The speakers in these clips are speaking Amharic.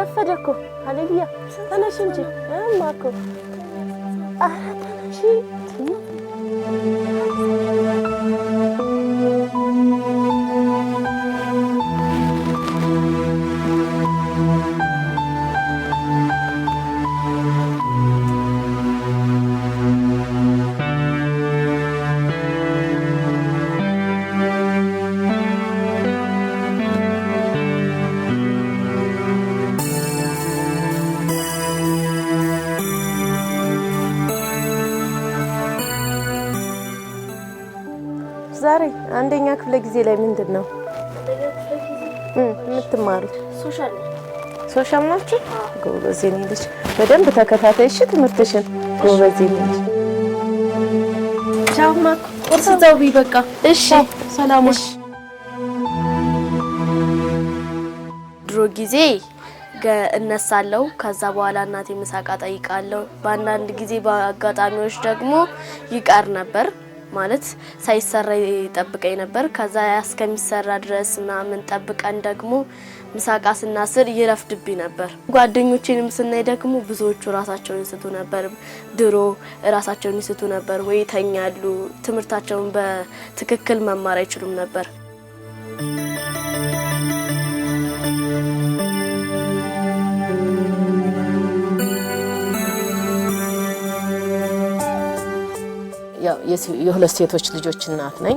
ረፈደ እኮ ሃሌሉያ። ተነሽ እንጂ እማ እኮ ኧረ ተነሽ ዛሬ አንደኛ ክፍለ ጊዜ ላይ ምንድን ነው የምትማሩት? ሶሻል ናችሁ? ጎበዜ ነሽ። በደንብ ተከታታይ እሺ ትምህርትሽን። ጎበዝ ነሽ። ቻው ማክ፣ ቁርስ በቃ። እሺ ሰላሞች። ድሮ ጊዜ እነሳለሁ ከዛ በኋላ እናቴ ምሳቃ ጠይቃለሁ። በአንዳንድ ጊዜ በአጋጣሚዎች ደግሞ ይቀር ነበር። ማለት ሳይሰራ ይጠብቀኝ ነበር። ከዛ እስከሚሰራ ድረስ ምናምን ጠብቀን ደግሞ ምሳቃ ስናስር ይረፍድብኝ ነበር። ጓደኞቼንም ስናይ ደግሞ ብዙዎቹ ራሳቸውን ይስቱ ነበር። ድሮ ራሳቸውን ይስቱ ነበር ወይ ይተኛሉ። ትምህርታቸውን በትክክል መማር አይችሉም ነበር። የሁለት ሴቶች ልጆች እናት ነኝ።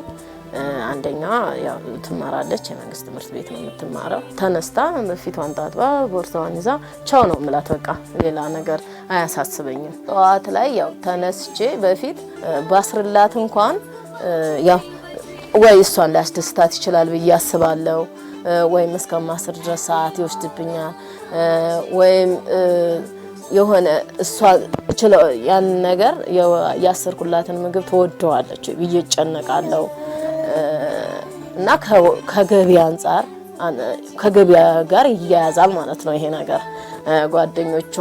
አንደኛ ያው ትማራለች፣ የመንግስት ትምህርት ቤት ነው የምትማረው። ተነስታ ፊቷን ታጥባ ቦርሳዋን ይዛ ቻው ነው ምላት። በቃ ሌላ ነገር አያሳስበኝም። ጠዋት ላይ ያው ተነስቼ በፊት ባስርላት እንኳን ያው ወይ እሷን ሊያስደስታት ይችላል ብዬ አስባለሁ ወይም እስከማስር ድረስ ሰዓት ይወስድብኛል ወይም የሆነ እሷ ያን ነገር ያሰርኩላትን ምግብ ትወደዋለች ብዬ እጨነቃለሁ እና ከገቢ አንጻር ከገቢያ ጋር ይያያዛል ማለት ነው ይሄ ነገር። ጓደኞቿ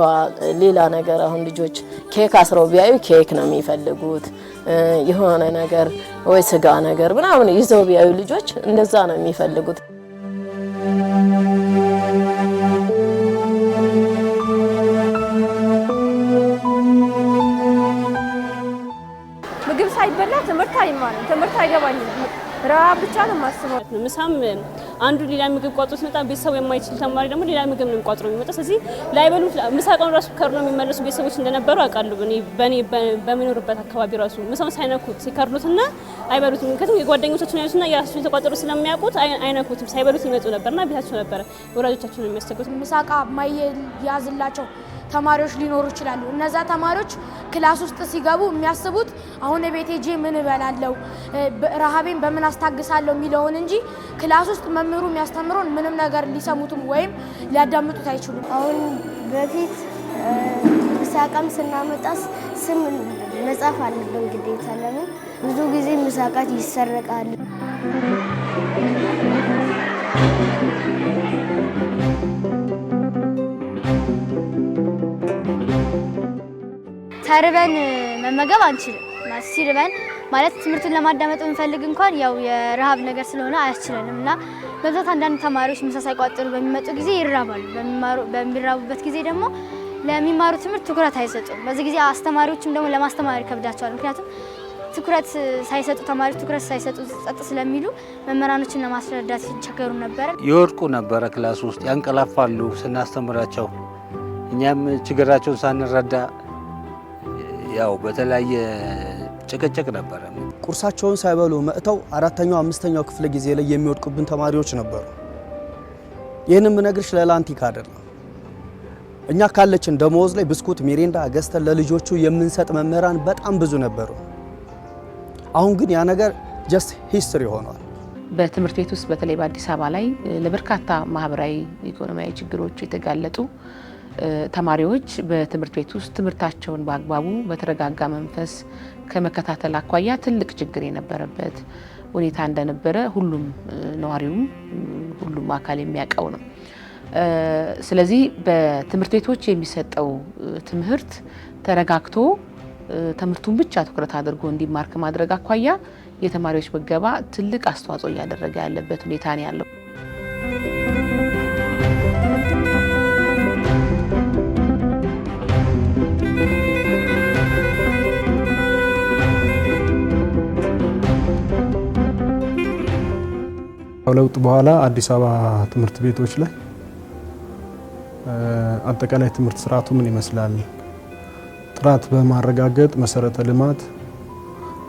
ሌላ ነገር አሁን ልጆች ኬክ አስረው ቢያዩ ኬክ ነው የሚፈልጉት። የሆነ ነገር ወይ ስጋ ነገር ምናምን ይዘው ቢያዩ ልጆች እንደዛ ነው የሚፈልጉት። ረሃብ ብቻ ነው የማስበው። ምሳም አንዱ ሌላ ምግብ ቋጥሮ ሲመጣ ቤተሰቡ የማይችል ተማሪ ደግሞ ሌላ ምግብ ነው የሚቋጥሮ የሚመጣ። ስለዚህ ላይበሉ ምሳ ቀኑ ራሱ ከርኖ የሚመለሱ ቤተሰቦች እንደነበሩ አውቃለሁ። በእኔ በሚኖርበት አካባቢ ራሱ ምሳውን ሳይነኩት ሲከርኑትና አይበሉትም። ምክንያቱም የጓደኞቻቸውን ያሉትና የራሳቸውን ተቋጥሮ ስለሚያውቁት አይነኩትም። ሳይበሉት ይመጡ ነበርና ቤታቸው ነበረ ወላጆቻቸውን የሚያስቸጉት። ምሳቃ ማይያዝላቸው ተማሪዎች ሊኖሩ ይችላሉ። እነዛ ተማሪዎች ክላስ ውስጥ ሲገቡ የሚያስቡት አሁን ቤቴ ጄ ምን እበላለሁ፣ ረሃቤን በምን አስታግሳለሁ የሚለውን እንጂ ክላስ ውስጥ መምህሩ የሚያስተምረውን ምንም ነገር ሊሰሙትም ወይም ሊያዳምጡት አይችሉም። አሁን በፊት ምሳቃም ስናመጣ ስም መጻፍ አለብን ግዴታ። ለምን ብዙ ጊዜ ምሳቃት ይሰረቃል። ተርበን መመገብ አንችልም። ሲርበን ማለት ትምህርቱን ለማዳመጥ ብንፈልግ እንኳን ያው የረሃብ ነገር ስለሆነ አያስችለንም እና በብዛት አንዳንድ ተማሪዎች ምሳ ሳይቋጥሩ በሚመጡ ጊዜ ይራባሉ። በሚራቡበት ጊዜ ደግሞ ለሚማሩ ትምህርት ትኩረት አይሰጡም። በዚህ ጊዜ አስተማሪዎችም ደግሞ ለማስተማር ይከብዳቸዋል። ምክንያቱም ትኩረት ሳይሰጡ ተማሪዎች ትኩረት ሳይሰጡ ጸጥ ስለሚሉ መምህራኖችን ለማስረዳት ሲቸገሩ ነበረ። ይወድቁ ነበረ፣ ክላስ ውስጥ ያንቀላፋሉ ስናስተምራቸው፣ እኛም ችግራቸውን ሳንረዳ ያው በተለያየ ጭቅጭቅ ነበረ። ቁርሳቸውን ሳይበሉ መጥተው አራተኛው አምስተኛው ክፍለ ጊዜ ላይ የሚወድቁብን ተማሪዎች ነበሩ። ይህንም የምነግርሽ ለላንቲክ አይደለም። እኛ ካለችን ደሞዝ ላይ ብስኩት፣ ሚሪንዳ ገዝተን ለልጆቹ የምንሰጥ መምህራን በጣም ብዙ ነበሩ። አሁን ግን ያ ነገር ጀስት ሂስትሪ ሆኗል። በትምህርት ቤት ውስጥ በተለይ በአዲስ አበባ ላይ ለበርካታ ማህበራዊ ኢኮኖሚያዊ ችግሮች የተጋለጡ ተማሪዎች በትምህርት ቤት ውስጥ ትምህርታቸውን በአግባቡ በተረጋጋ መንፈስ ከመከታተል አኳያ ትልቅ ችግር የነበረበት ሁኔታ እንደነበረ ሁሉም ነዋሪውም ሁሉም አካል የሚያውቀው ነው። ስለዚህ በትምህርት ቤቶች የሚሰጠው ትምህርት ተረጋግቶ ትምህርቱን ብቻ ትኩረት አድርጎ እንዲማር ከማድረግ አኳያ የተማሪዎች ምገባ ትልቅ አስተዋጽኦ እያደረገ ያለበት ሁኔታ ነው ያለው። ከለውጥ በኋላ አዲስ አበባ ትምህርት ቤቶች ላይ አጠቃላይ ትምህርት ስርዓቱ ምን ይመስላል፣ ጥራት በማረጋገጥ መሰረተ ልማት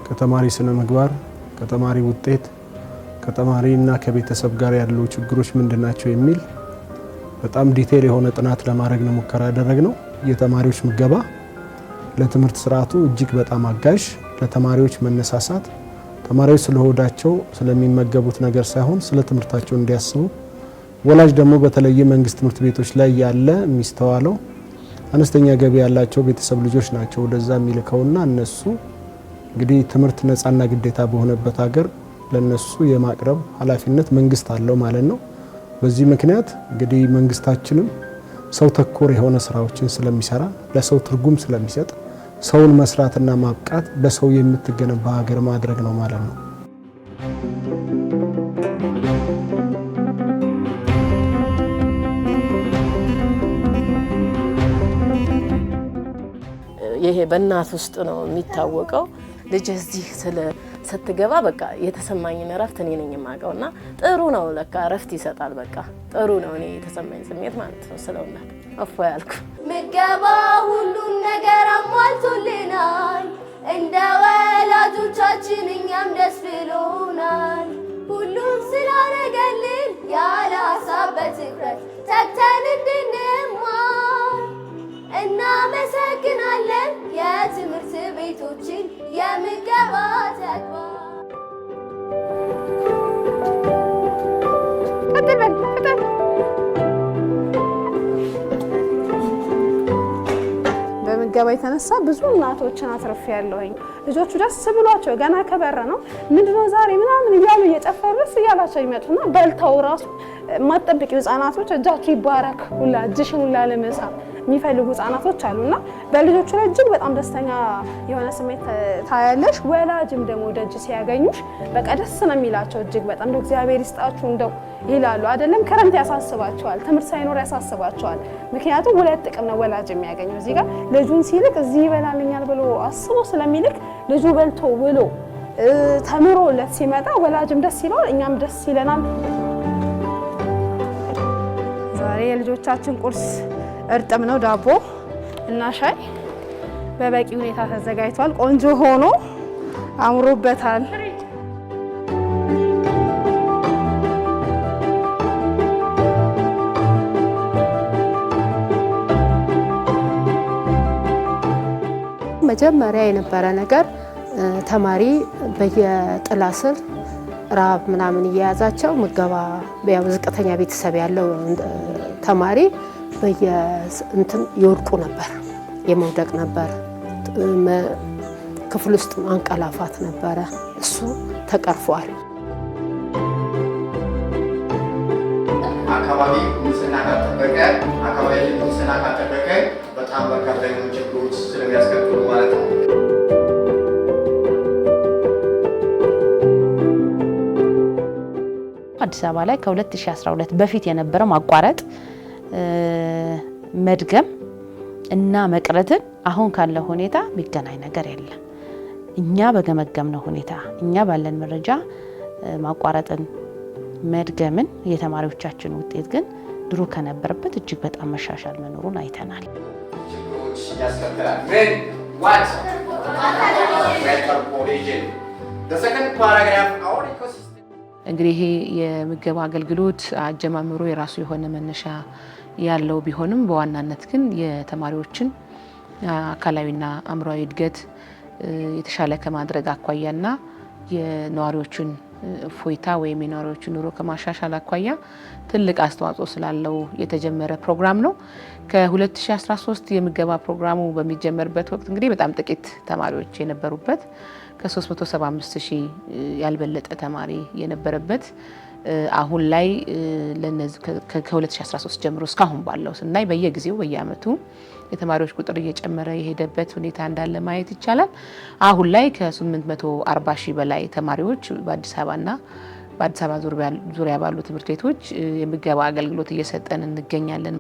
ከተማሪ ስነ ምግባር፣ ከተማሪ ውጤት፣ ከተማሪ እና ከቤተሰብ ጋር ያሉ ችግሮች ምንድን ናቸው የሚል በጣም ዲቴል የሆነ ጥናት ለማድረግ ነው ሙከራ ያደረግነው። የተማሪዎች ምገባ ለትምህርት ስርዓቱ እጅግ በጣም አጋዥ፣ ለተማሪዎች መነሳሳት ተማሪዎች ስለ ሆዳቸው ስለሚመገቡት ነገር ሳይሆን ስለ ትምህርታቸው እንዲያስቡ፣ ወላጅ ደግሞ በተለየ መንግስት ትምህርት ቤቶች ላይ ያለ የሚስተዋለው አነስተኛ ገቢ ያላቸው ቤተሰብ ልጆች ናቸው ወደዛ የሚልከውና እነሱ እንግዲህ ትምህርት ነጻና ግዴታ በሆነበት ሀገር ለነሱ የማቅረብ ኃላፊነት መንግስት አለው ማለት ነው። በዚህ ምክንያት እንግዲህ መንግስታችንም ሰው ተኮር የሆነ ስራዎችን ስለሚሰራ ለሰው ትርጉም ስለሚሰጥ ሰውን መስራትና ማብቃት በሰው የምትገነባ ሀገር ማድረግ ነው ማለት ነው። ይሄ በእናት ውስጥ ነው የሚታወቀው። ልጅ እዚህ ስለ ስትገባ በቃ የተሰማኝን እረፍት እኔ ነኝ የማውቀው እና ጥሩ ነው ለካ እረፍት ይሰጣል። በቃ ጥሩ ነው እኔ የተሰማኝ ስሜት ማለት ነው ስለውናት እፎ ያልኩ ምገባ ሁሉም ነገር አሟልቶልናል። እንደ ወላጆቻችን እኛም ደስ ብሎናል። ሁሉም ስላረገልን ያለ ሀሳብ በትኩረት ተግተን እንድንማር እናመሰግናለን። የትምህርት ቤቶችን የምገባ ተግባር ከምገባ የተነሳ ብዙ እናቶችን አትርፍ ያለሁኝ። ልጆቹ ደስ ብሏቸው ገና ከበረ ነው ምንድነው ዛሬ ምናምን እያሉ እየጨፈሩ ደስ እያላቸው ይመጡና በልተው ራሱ ማጠብቂው ህጻናቶች እጃቸው ይባረክ ሁላ እጅሽን ሁላ ለመሳብ የሚፈልጉ ህጻናቶች አሉና በልጆቹ ላይ እጅግ በጣም ደስተኛ የሆነ ስሜት ታያለሽ። ወላጅም ደግሞ ደጅ ሲያገኙሽ በቃ ደስ ነው የሚላቸው እጅግ በጣም እንደው እግዚአብሔር ይስጣችሁ እንደው ይላሉ። አይደለም ክረምት ያሳስባቸዋል፣ ትምህርት ሳይኖር ያሳስባቸዋል። ምክንያቱም ሁለት ጥቅም ነው ወላጅ የሚያገኘው እዚህ ጋር ልጁን ሲልክ እዚህ ይበላልኛል ብሎ አስቦ ስለሚልክ ልጁ በልቶ ብሎ ለት ሲመጣ ወላጅም ደስ ይለዋል፣ እኛም ደስ ይለናል። ዛሬ የልጆቻችን ቁርስ እርጥም ነው። ዳቦ እና ሻይ በበቂ ሁኔታ ተዘጋጅቷል። ቆንጆ ሆኖ አምሮበታል። መጀመሪያ የነበረ ነገር ተማሪ በየጥላ ስር ራብ ምናምን እየያዛቸው ምገባ ያው ዝቅተኛ ቤተሰብ ያለው ተማሪ በየእንትን የወድቁ ነበር፣ የመውደቅ ነበር፣ ክፍል ውስጥ ማንቀላፋት ነበረ። እሱ ተቀርፏል። አካባቢ ንጽህና ካልጠበቀ አካባቢ ንጽህና ካልጠበቀ በጣም በርካታ የሆኑ ችግሮች ስለሚያስከትሉ ማለት ነው። አዲስ አበባ ላይ ከ2012 በፊት የነበረ ማቋረጥ መድገም እና መቅረትን አሁን ካለ ሁኔታ የሚገናኝ ነገር የለም። እኛ በገመገምነው ሁኔታ እኛ ባለን መረጃ ማቋረጥን፣ መድገምን የተማሪዎቻችን ውጤት ግን ድሮ ከነበረበት እጅግ በጣም መሻሻል መኖሩን አይተናል። እንግዲህ ይሄ የምገባ አገልግሎት አጀማምሮ የራሱ የሆነ መነሻ ያለው ቢሆንም በዋናነት ግን የተማሪዎችን አካላዊና አእምሯዊ እድገት የተሻለ ከማድረግ አኳያና የነዋሪዎችን እፎይታ ወይም የነዋሪዎችን ኑሮ ከማሻሻል አኳያ ትልቅ አስተዋጽኦ ስላለው የተጀመረ ፕሮግራም ነው። ከ2013 የምገባ ፕሮግራሙ በሚጀመርበት ወቅት እንግዲህ በጣም ጥቂት ተማሪዎች የነበሩበት ከ375 ሺህ ያልበለጠ ተማሪ የነበረበት አሁን ላይ ለነዚህ ከ2013 ጀምሮ እስካሁን ባለው ስናይ በየጊዜው በየአመቱ የተማሪዎች ቁጥር እየጨመረ የሄደበት ሁኔታ እንዳለ ማየት ይቻላል። አሁን ላይ ከ840 ሺህ በላይ ተማሪዎች በአዲስ አበባና በአዲስ አበባ ዙሪያ ባሉ ትምህርት ቤቶች የምገባ አገልግሎት እየሰጠን እንገኛለን።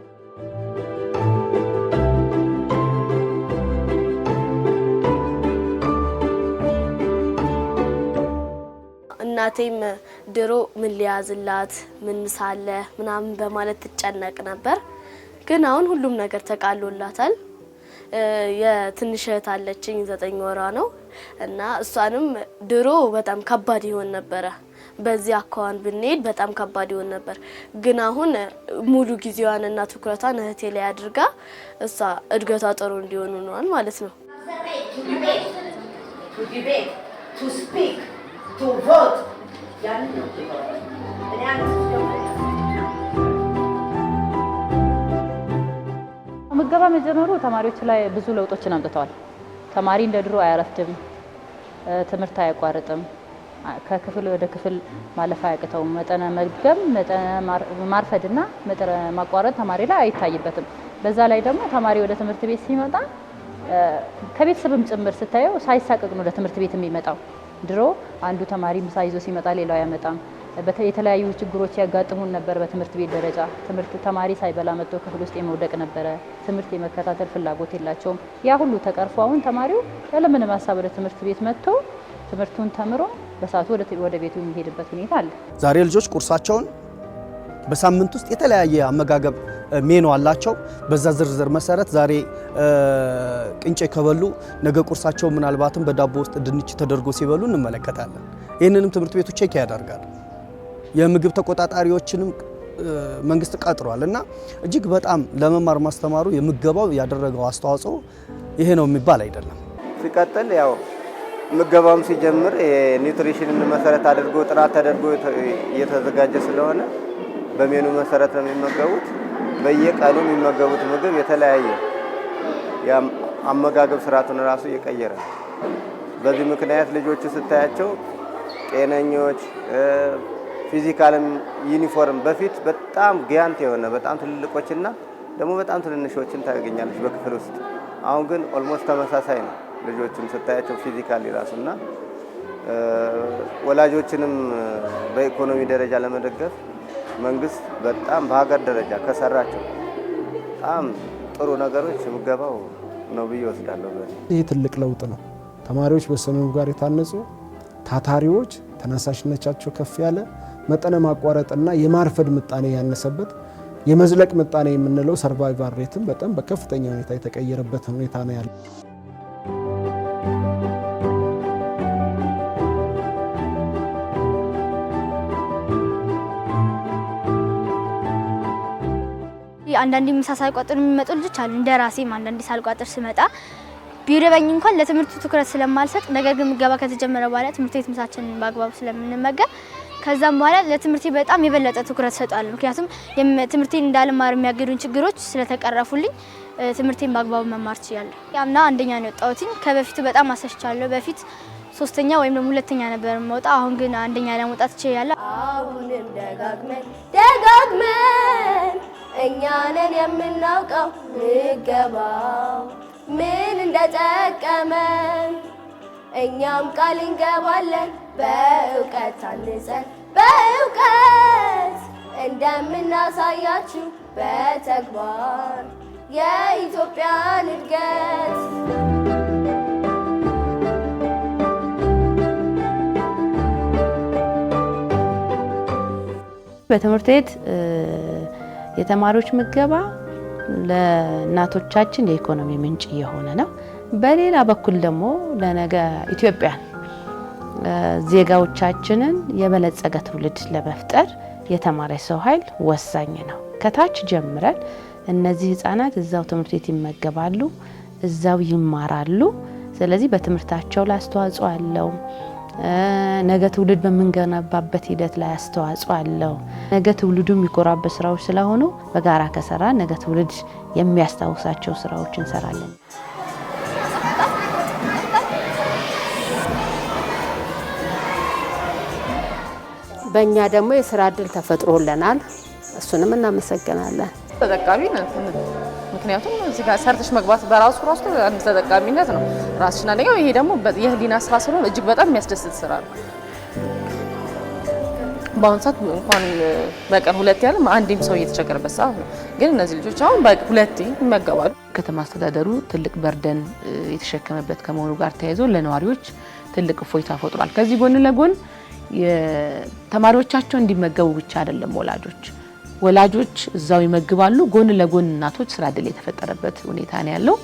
እናቴም ድሮ ምን ሊያዝላት ምን ሳለ ምናምን በማለት ትጨነቅ ነበር። ግን አሁን ሁሉም ነገር ተቃሎላታል። የትንሽ እህት አለችኝ ዘጠኝ ወሯ ነው እና እሷንም ድሮ በጣም ከባድ ይሆን ነበረ። በዚህ አካዋን ብንሄድ በጣም ከባድ ይሆን ነበር። ግን አሁን ሙሉ ጊዜዋንና ትኩረቷን እህቴ ላይ አድርጋ እሷ እድገቷ ጥሩ እንዲሆን ነዋል ማለት ነው። to debate, to speak, to vote, ምገባ መጀመሩ ተማሪዎች ላይ ብዙ ለውጦችን አምጥተዋል። ተማሪ እንደ ድሮ አያረፍድም፣ ትምህርት አያቋርጥም፣ ከክፍል ወደ ክፍል ማለፍ አያቅተውም። መጠነ መድገም፣ መጠነ ማርፈድና መጠነ ማቋረጥ ተማሪ ላይ አይታይበትም። በዛ ላይ ደግሞ ተማሪ ወደ ትምህርት ቤት ሲመጣ ከቤተሰብም ጭምር ስታየው ሳይሳቀቅ ነው ወደ ትምህርት ቤት የሚመጣው። ድሮ አንዱ ተማሪ ምሳ ይዞ ሲመጣ ሌላው አያመጣም። የተለያዩ ችግሮች ያጋጥሙን ነበር። በትምህርት ቤት ደረጃ ትምህርት ተማሪ ሳይበላ መጥቶ ክፍል ውስጥ የመውደቅ ነበረ። ትምህርት የመከታተል ፍላጎት የላቸውም። ያ ሁሉ ተቀርፎ አሁን ተማሪው ያለምንም ሀሳብ ወደ ትምህርት ቤት መጥቶ ትምህርቱን ተምሮ በሰዓቱ ወደ ቤቱ የሚሄድበት ሁኔታ አለ። ዛሬ ልጆች ቁርሳቸውን በሳምንት ውስጥ የተለያየ አመጋገብ ሜኑ አላቸው። በዛ ዝርዝር መሰረት ዛሬ ቅንጨ ከበሉ ነገ ቁርሳቸው ምናልባትም በዳቦ ውስጥ ድንች ተደርጎ ሲበሉ እንመለከታለን። ይህንንም ትምህርት ቤቱ ቼክ ያደርጋል። የምግብ ተቆጣጣሪዎችንም መንግስት ቀጥሯል እና እጅግ በጣም ለመማር ማስተማሩ የምገባው ያደረገው አስተዋጽኦ ይሄ ነው የሚባል አይደለም። ሲቀጥል ያው ምገባውም ሲጀምር የኒውትሪሽንን መሰረት አድርጎ ጥራት ተደርጎ እየተዘጋጀ ስለሆነ በሜኑ መሰረት ነው የሚመገቡት። በየቀኑ የሚመገቡት ምግብ የተለያየ አመጋገብ ስርዓቱን ራሱ እየቀየረ ነው። በዚህ ምክንያት ልጆቹ ስታያቸው ጤነኞች ፊዚካልም ዩኒፎርም በፊት በጣም ጊያንት የሆነ በጣም ትልልቆችና ደግሞ በጣም ትንንሾችን ታገኛለች በክፍል ውስጥ። አሁን ግን ኦልሞስት ተመሳሳይ ነው። ልጆቹም ስታያቸው ራሱ ራሱና ወላጆችንም በኢኮኖሚ ደረጃ ለመደገፍ መንግስት በጣም በሀገር ደረጃ ከሰራቸው በጣም ጥሩ ነገሮች ምገባው ነው ብዬ ወስዳለሁ። ይህ ትልቅ ለውጥ ነው። ተማሪዎች በሰሜኑ ጋር የታነጹ ታታሪዎች፣ ተነሳሽነቻቸው ከፍ ያለ መጠነ ማቋረጥና የማርፈድ ምጣኔ ያነሰበት የመዝለቅ ምጣኔ የምንለው ሰርቫይቫር ሬትም በጣም በከፍተኛ ሁኔታ የተቀየረበት ሁኔታ ነው ያለው። አንዳንዴ ምሳ ሳልቋጥር የሚመጡ ልጆች አሉ። እንደ ራሴም አንዳንዴ ሳልቋጥር ስመጣ ቢርበኝ እንኳን ለትምህርቱ ትኩረት ስለማልሰጥ፣ ነገር ግን ምገባ ከተጀመረ በኋላ ትምህርት ቤት ምሳችንን በአግባቡ ስለምንመገብ ከዛም በኋላ ለትምህርቴ በጣም የበለጠ ትኩረት ሰጣለሁ። ምክንያቱም ትምህርቴን እንዳልማር የሚያገዱን ችግሮች ስለተቀረፉልኝ ትምህርቴን በአግባቡ መማር ችያለሁ። ያምና አንደኛ ነው የወጣሁትኝ። ከበፊቱ በጣም አሰሽቻለሁ። በፊት ሶስተኛ ወይም ደግሞ ሁለተኛ ነበር መውጣ። አሁን ግን አንደኛ ለመውጣት ችያለሁ። አሁንም ደጋግመን ደጋግመን እኛንን የምናውቀው ምገባው ምን እንደጠቀመን እኛም ቃል እንገባለን በእውቀት ታንጸን በእውቀት እንደምናሳያችሁ በተግባር የኢትዮጵያን እድገት በትምህርት ቤት የተማሪዎች ምገባ ለእናቶቻችን የኢኮኖሚ ምንጭ የሆነ ነው። በሌላ በኩል ደግሞ ለነገ ኢትዮጵያ ዜጋዎቻችንን የበለጸገ ትውልድ ለመፍጠር የተማረ ሰው ኃይል ወሳኝ ነው። ከታች ጀምረን እነዚህ ህጻናት እዛው ትምህርት ቤት ይመገባሉ፣ እዛው ይማራሉ። ስለዚህ በትምህርታቸው ላይ አስተዋጽኦ አለው። ነገ ትውልድ በምንገነባበት ሂደት ላይ አስተዋጽኦ አለው። ነገ ትውልዱ የሚኮራበት ስራዎች ስለሆኑ በጋራ ከሰራ ነገ ትውልድ የሚያስታውሳቸው ስራዎች እንሰራለን። በእኛ ደግሞ የስራ እድል ተፈጥሮልናል። እሱንም እናመሰግናለን። ተጠቃሚ ምክንያቱም እዚህ ጋር ሰርተሽ መግባት በራሱ ራሱ አንድ ተጠቃሚነት ነው ራስሽን አለኛው። ይሄ ደግሞ የህሊና ስራ ስለሆነ እጅግ በጣም የሚያስደስት ስራ ነው። በአሁኑ ሰዓት እንኳን በቀን ሁለቴ ያለም አንድም ሰው እየተቸገረበት ሰዓት ነው። ግን እነዚህ ልጆች አሁን ሁለቴ ይመገባሉ። ከተማ አስተዳደሩ ትልቅ በርደን የተሸከመበት ከመሆኑ ጋር ተያይዞ ለነዋሪዎች ትልቅ እፎይታ ፈጥሯል። ከዚህ ጎን ለጎን ተማሪዎቻቸው እንዲመገቡ ብቻ አይደለም ወላጆች ወላጆች እዛው ይመግባሉ። ጎን ለጎን እናቶች ስራ እድል የተፈጠረበት ሁኔታ ነው ያለው።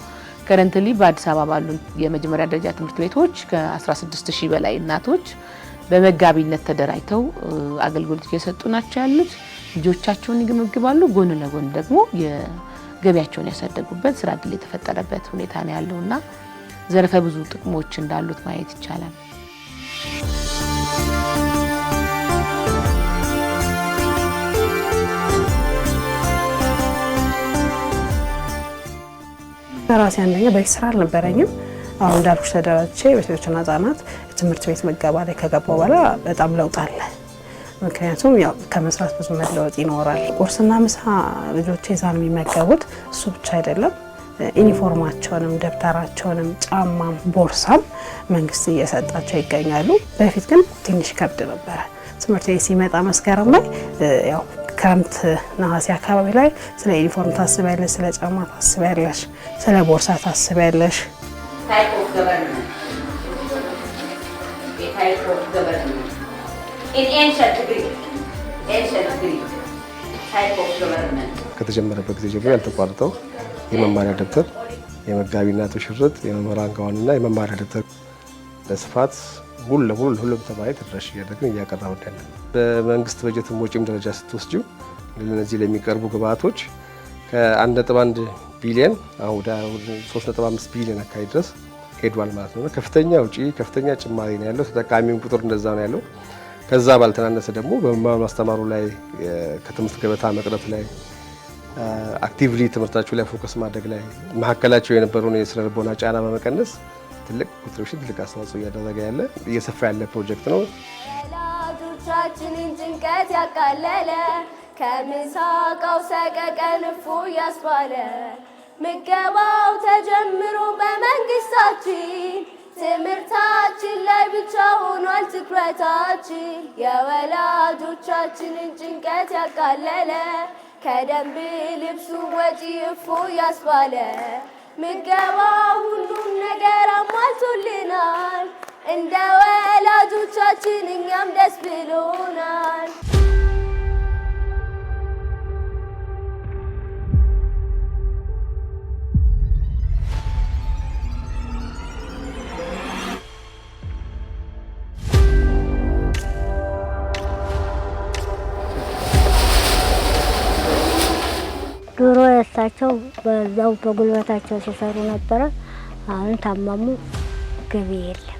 ከረንትሊ በአዲስ አበባ ባሉ የመጀመሪያ ደረጃ ትምህርት ቤቶች ከ16 ሺህ በላይ እናቶች በመጋቢነት ተደራጅተው አገልግሎት እየሰጡ ናቸው ያሉት። ልጆቻቸውን ይመግባሉ፣ ጎን ለጎን ደግሞ የገቢያቸውን ያሳደጉበት ስራ እድል የተፈጠረበት ሁኔታ ነው እና ዘርፈ ብዙ ጥቅሞች እንዳሉት ማየት ይቻላል። በራሴ አንደኛ በፊት ስራ አልነበረኝም። አሁን እንዳልኩሽ ተደራጅቼ በሴቶችና ህጻናት ትምህርት ቤት መገባ ላይ ከገባሁ በኋላ በጣም ለውጥ አለ። ምክንያቱም ያው ከመስራት ብዙ መለወጥ ይኖራል። ቁርስና ምሳ ልጆች እዛ የሚመገቡት እሱ ብቻ አይደለም። ዩኒፎርማቸውንም ደብተራቸውንም ጫማም ቦርሳም መንግስት እየሰጣቸው ይገኛሉ። በፊት ግን ትንሽ ከብድ ነበረ። ትምህርት ቤት ሲመጣ መስከረም ላይ ያው ክረምት ነሐሴ አካባቢ ላይ ስለ ዩኒፎርም ታስቢያለሽ፣ ስለ ጫማ ታስቢያለሽ፣ ስለ ቦርሳ ታስቢያለሽ። ከተጀመረበት ጊዜ ጀምሮ ያልተቋረጠው የመማሪያ ደብተር የመጋቢና ትሽርት የመምህራን ጋዋንና የመማሪያ ደብተር በስፋት ሙሉ ለሙሉ ለሁሉም ተማሪ ተደራሽ እያደረግን እያቀረብን ያለ በመንግስት በጀትም ወጪም ደረጃ ስትወስጂው ለነዚህ ለሚቀርቡ ግብአቶች ከ1.1 ቢሊየን አሁን ወደ 3.5 ቢሊየን አካባቢ ድረስ ሄዷል ማለት ነው። ከፍተኛ ውጪ ከፍተኛ ጭማሪ ነው ያለው። ተጠቃሚው ቁጥር እንደዛ ነው ያለው። ከዛ ባልተናነሰ ደግሞ በመማር ማስተማሩ ላይ ከትምህርት ገበታ መቅረት ላይ አክቲቭሊ ትምህርታቸው ላይ ፎከስ ማድረግ ላይ መካከላቸው የነበረውን የስነ ልቦና ጫና በመቀነስ ትልቅ ኮንትሪቢሽን ትልቅ አስተዋጽኦ እያደረገ ያለ እየሰፋ ያለ ፕሮጀክት ነው። ወላጆቻችንን ጭንቀት ያቃለለ ከምሳቀው ሰቀቀን እፎ ያስባለ ምገባው ተጀምሮ በመንግስታችን ትምህርታችን ላይ ብቻ ሆኗል ትኩረታችን። የወላጆቻችንን ጭንቀት ያቃለለ ከደንብ ልብሱ ወጪ እፎ ያስባለ ምገባ ሁሉም ነገር አሟልቶልናል። እንደ ወላጆቻችን እኛም ደስ ብሎናል። ድሮ የእሳቸው በዛው በጉልበታቸው ሲሰሩ ነበረ። አሁን ታመሙ፣ ገቢ የለም።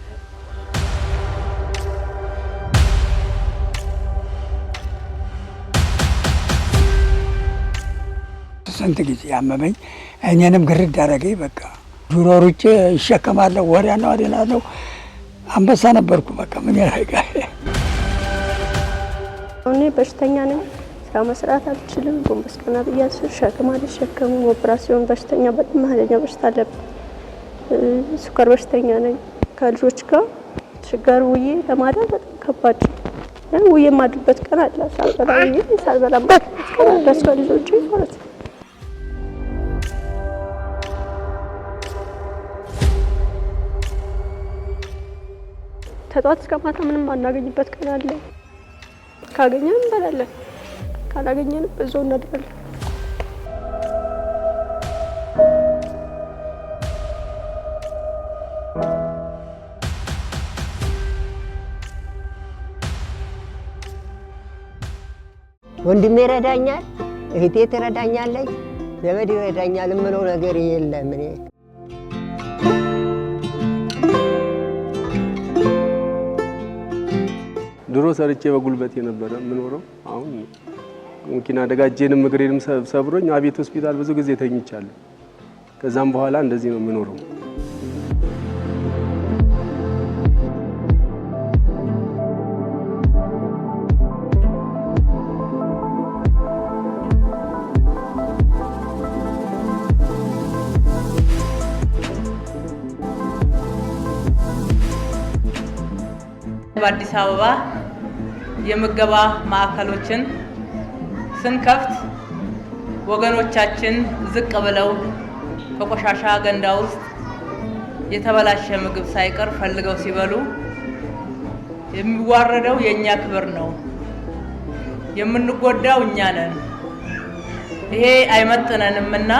ስንት ጊዜ ያመመኝ እኔንም ግርድ አደረገኝ። በቃ ዱሮ ሩጬ ይሸከማለሁ፣ ወዲያ ነው አደላለሁ። አንበሳ ነበርኩ። በቃ ምን ያደርጋል። እኔ በሽተኛ ነኝ። ስራ መስራት አልችልም፣ ጎንበስ ቀና ብዬ ሸክም አልሸከምም። ኦፕራሲዮን በሽተኛ በጣም ኃይለኛ በሽታ አለብኝ። ሱከር በሽተኛ ነኝ። ከልጆች ጋር ችግር ውዬ ለማዳን በጣም ከባድ ነው። ውዬ የማድርበት ቀን አለ ሳልበላ ውዬ ሳልበላ ማድርበት ቀን አለ። እሷ ልጆች ማለት ነው ከጧት እስከ ማታ ምንም አናገኝበት ቀን አለ። ካገኘን እንበላለን። ካላገኘንም እዛው እናድራለን። ወንድሜ ይረዳኛል፣ እህቴ ትረዳኛለች፣ ዘመድ ይረዳኛል የምለው ነገር የለም እኔ ድሮ ሰርቼ በጉልበት የነበረ የምኖረው አሁን መኪና አደጋ እጄንም እግሬንም ሰብሮኝ አቤት ሆስፒታል ብዙ ጊዜ ተኝቻለሁ። ከዛም በኋላ እንደዚህ ነው የምኖረው። በአዲስ አበባ የምገባ ማዕከሎችን ስንከፍት ወገኖቻችን ዝቅ ብለው ከቆሻሻ ገንዳ ውስጥ የተበላሸ ምግብ ሳይቀር ፈልገው ሲበሉ የሚዋረደው የእኛ ክብር ነው። የምንጎዳው እኛ ነን። ይሄ አይመጥነንም እና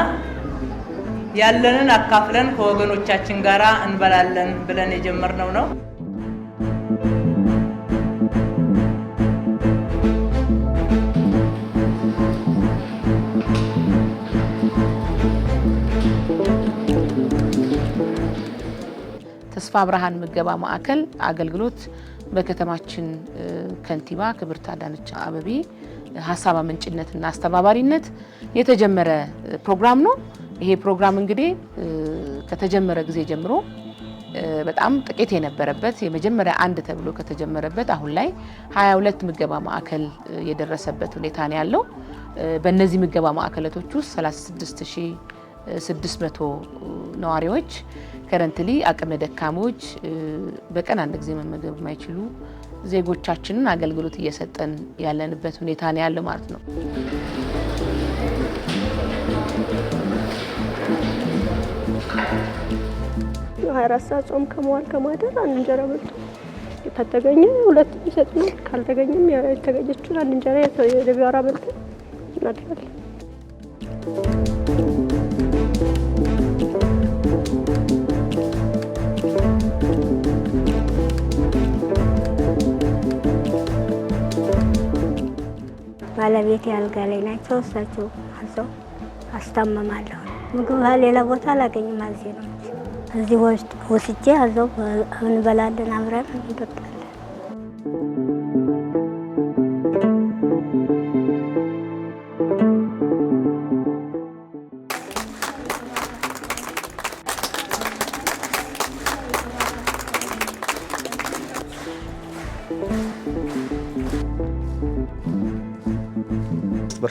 ያለንን አካፍለን ከወገኖቻችን ጋር እንበላለን ብለን የጀመርነው ነው። ተስፋ ብርሃን ምገባ ማዕከል አገልግሎት በከተማችን ከንቲባ ክብርት አዳነች አበቢ ሀሳብ አመንጭነትና አስተባባሪነት የተጀመረ ፕሮግራም ነው። ይሄ ፕሮግራም እንግዲህ ከተጀመረ ጊዜ ጀምሮ በጣም ጥቂት የነበረበት የመጀመሪያ አንድ ተብሎ ከተጀመረበት አሁን ላይ 22 ምገባ ማዕከል የደረሰበት ሁኔታ ነው ያለው። በእነዚህ ምገባ ማዕከለቶች ውስጥ 36600 ነዋሪዎች ከረንትሊ አቅመ ደካሞች በቀን አንድ ጊዜ መመገብ የማይችሉ ዜጎቻችንን አገልግሎት እየሰጠን ያለንበት ሁኔታ ነው ያለ ማለት ነው። ሀያ አራት ሰዓት ጾም ከመዋል ከማደር አንድ እንጀራ በልቶ ከተገኘ ሁለት ይሰጥናል። ካልተገኘም የተገኘችውን አንድ እንጀራ የደቢራ በልተን እናድራለን። ባለቤት አልጋ ላይ ናቸው። እሳቸው አዘው አስታመማለሁ። ምግብ ሌላ ቦታ አላገኝም። አዜ ነው እዚህ ወስጄ አዘው እንበላለን አብረን እንጠጣለን።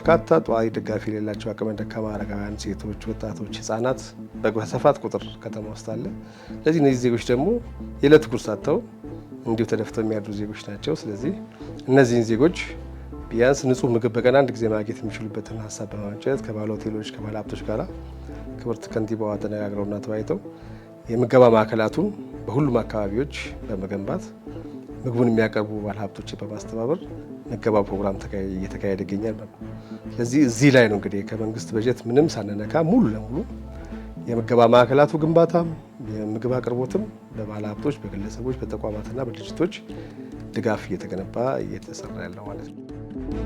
በርካታ ጠዋሪ ደጋፊ የሌላቸው አቅመ ደካማ አረጋውያን፣ ሴቶች፣ ወጣቶች፣ ህጻናት በሰፋት ቁጥር ከተማ ውስጥ አለ። ስለዚህ እነዚህ ዜጎች ደግሞ የዕለት ጉርስ አጥተው እንዲሁ ተደፍተው የሚያድሩ ዜጎች ናቸው። ስለዚህ እነዚህን ዜጎች ቢያንስ ንጹህ ምግብ በቀን አንድ ጊዜ ማግኘት የሚችሉበትን ሀሳብ በማመንጨት ከባለ ሆቴሎች ከባለ ሀብቶች ጋር ክብርት ከንቲባዋ ተነጋግረውና ተወያይተው የምገባ ማዕከላቱን በሁሉም አካባቢዎች በመገንባት ምግቡን የሚያቀርቡ ባለሀብቶችን በማስተባበር ምገባ ፕሮግራም እየተካሄደ ይገኛል። ስለዚህ እዚህ ላይ ነው እንግዲህ ከመንግስት በጀት ምንም ሳንነካ ሙሉ ለሙሉ የምገባ ማዕከላቱ ግንባታም የምግብ አቅርቦትም በባለ ሀብቶች፣ በግለሰቦች፣ በተቋማትና በድርጅቶች ድጋፍ እየተገነባ እየተሰራ ያለው ማለት ነው።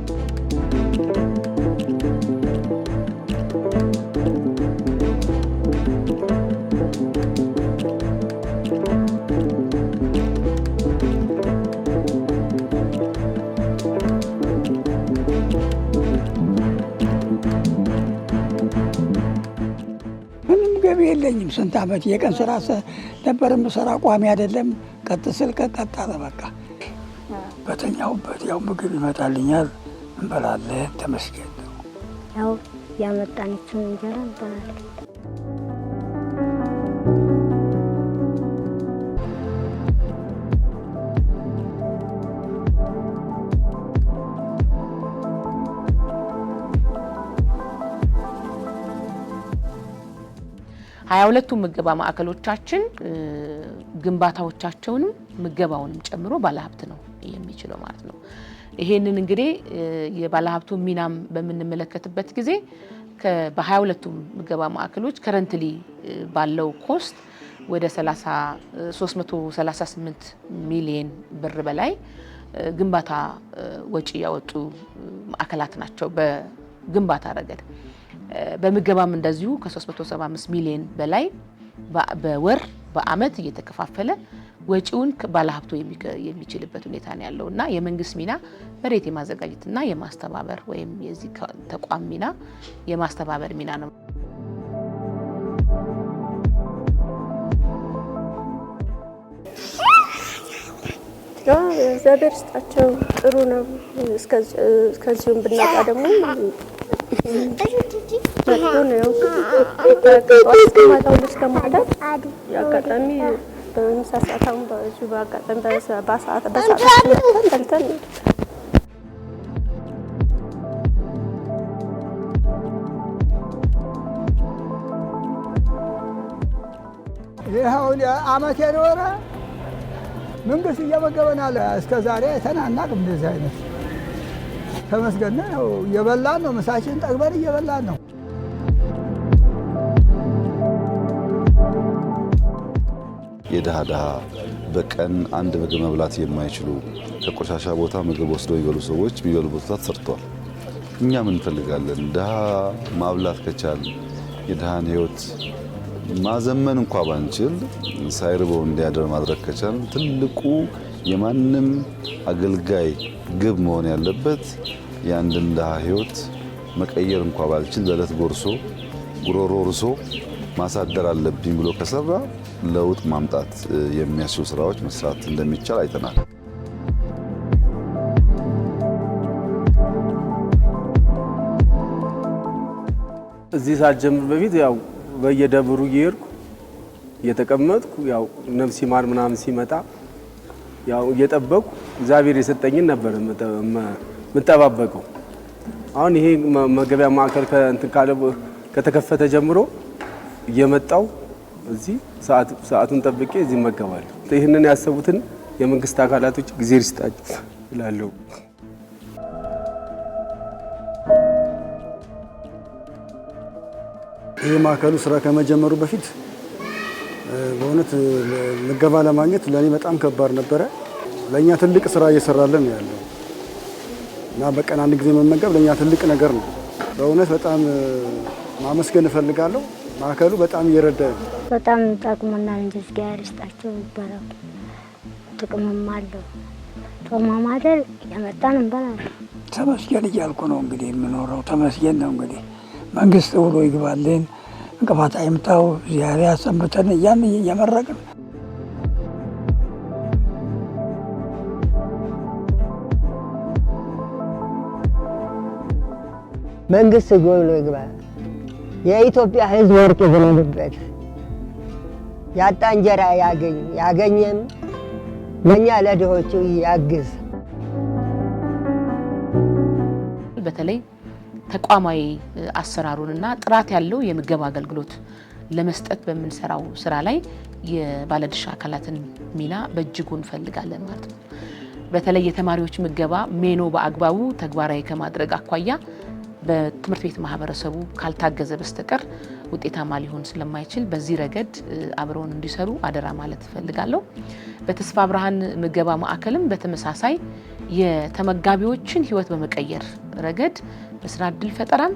የለኝም። ስንት ዓመት የቀን ስራ ነበር ስራ ቋሚ አይደለም። ቀጥ ስል ቀጣ በቃ በተኛሁበት ያው ምግብ ይመጣልኛል፣ እንበላለን። ተመስገን ነው ያው ያመጣነችን እንጀራ እንበላለን። ሀያ ሁለቱ ምገባ ማዕከሎቻችን ግንባታዎቻቸውንም ምገባውንም ጨምሮ ባለሀብት ነው የሚችለው ማለት ነው። ይሄንን እንግዲህ የባለሀብቱ ሚናም በምንመለከትበት ጊዜ በሀያ ሁለቱም ምገባ ማዕከሎች ከረንትሊ ባለው ኮስት ወደ 338 ሚሊየን ብር በላይ ግንባታ ወጪ ያወጡ ማዕከላት ናቸው በግንባታ ረገድ በምገባም እንደዚሁ ከ375 ሚሊዮን በላይ በወር በአመት እየተከፋፈለ ወጪውን ባለሀብቶ የሚችልበት ሁኔታ ነው ያለው እና የመንግስት ሚና መሬት የማዘጋጀትና የማስተባበር ወይም የዚህ ተቋም ሚና የማስተባበር ሚና ነው። እግዚአብሔር ስጣቸው ጥሩ ነው። እስከዚሁም ብናጣ ደግሞ አጋጣሚ በምሳ ሰዓት አሁን በዚሁ በአጋጣሚ በሰዓት በልተን ይኸው አመቴ ኖረ። መንግስት እየመገበናል። እስከ ዛሬ ተናናቅ እንደዚህ አይነት ተመስገን ነው። እየበላን ነው፣ ምሳችን ጠግበን እየበላን ነው። የድሃ ድሃ በቀን አንድ ምግብ መብላት የማይችሉ ከቆሻሻ ቦታ ምግብ ወስደው የሚበሉ ሰዎች የሚበሉ ቦታ ተሰርቷል። እኛም እንፈልጋለን? ድሃ ማብላት ከቻል የድሃን ህይወት ማዘመን እንኳ ባንችል ሳይርበው እንዲያደር ማድረግ ከቻል ትልቁ የማንም አገልጋይ ግብ መሆን ያለበት የአንድን ድሃ ህይወት መቀየር እንኳ ባልችል በዕለት ጎርሶ ጉሮሮ እርሶ ማሳደር አለብኝ ብሎ ከሰራ ለውጥ ማምጣት የሚያስችሉ ስራዎች መስራት እንደሚቻል አይተናል። እዚህ ሳትጀምር በፊት ያው በየደብሩ እየሄድኩ እየተቀመጥኩ ያው ነፍስ ማር ምናምን ሲመጣ ያው እየጠበቁ እግዚአብሔር የሰጠኝን ነበር የምጠባበቀው። አሁን ይሄ መገበያ ማዕከል ከተከፈተ ጀምሮ እየመጣው እዚህ ሰዓቱን ጠብቄ እዚህ እመገባለሁ። ይህንን ያሰቡትን የመንግስት አካላቶች ጊዜ ይስጣችሁ እላለሁ። ይህ ማዕከሉ ስራ ከመጀመሩ በፊት በእውነት ምገባ ለማግኘት ለእኔ በጣም ከባድ ነበረ። ለእኛ ትልቅ ስራ እየሰራለን ያለው እና በቀን አንድ ጊዜ መመገብ ለእኛ ትልቅ ነገር ነው። በእውነት በጣም ማመስገን እፈልጋለሁ። ማዕከሉ በጣም እየረዳ በጣም ጠቅሞናል። እንጂ እግዚአብሔር ይስጣቸው ይባረኩ። ጥቅምም አለው። ጦማ ማደር እያመጣን እንበላለን። ተመስገን እያልኩ ነው እንግዲህ የምኖረው። ተመስገን ነው እንግዲህ መንግስት ውሎ ይግባልን። እንቅፋት አይምታው ዚያሪ አሰንብተን እያን እየመረቅን መንግስት ጎብሎ ይግባ። የኢትዮጵያ ሕዝብ ወርቅ ይዘንብበት። ያጣ እንጀራ ያገኝ፣ ያገኘም ለእኛ ለድሆቹ ያግዝ። በተለይ ተቋማዊ እና ጥራት ያለው የምገባ አገልግሎት ለመስጠት በምንሰራው ስራ ላይ የባለድርሻ አካላትን ሚና በእጅጉ እንፈልጋለን ማለት ነው። በተለይ የተማሪዎች ምገባ ሜኖ በአግባቡ ተግባራዊ ከማድረግ አኳያ በትምህርት ቤት ማህበረሰቡ ካልታገዘ በስተቀር ውጤታማ ሊሆን ስለማይችል በዚህ ረገድ አብረውን እንዲሰሩ አደራ ማለት እፈልጋለሁ። በተስፋ ብርሃን ምገባ ማዕከልም በተመሳሳይ የተመጋቢዎችን ሕይወት በመቀየር ረገድ በስራ እድል ፈጠራን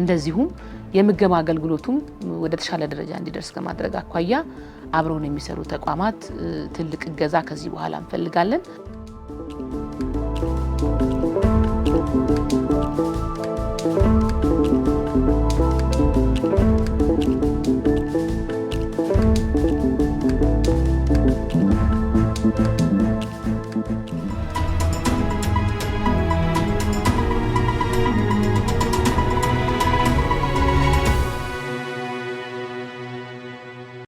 እንደዚሁም የምገባ አገልግሎቱም ወደ ተሻለ ደረጃ እንዲደርስ ከማድረግ አኳያ አብረውን የሚሰሩ ተቋማት ትልቅ እገዛ ከዚህ በኋላ እንፈልጋለን።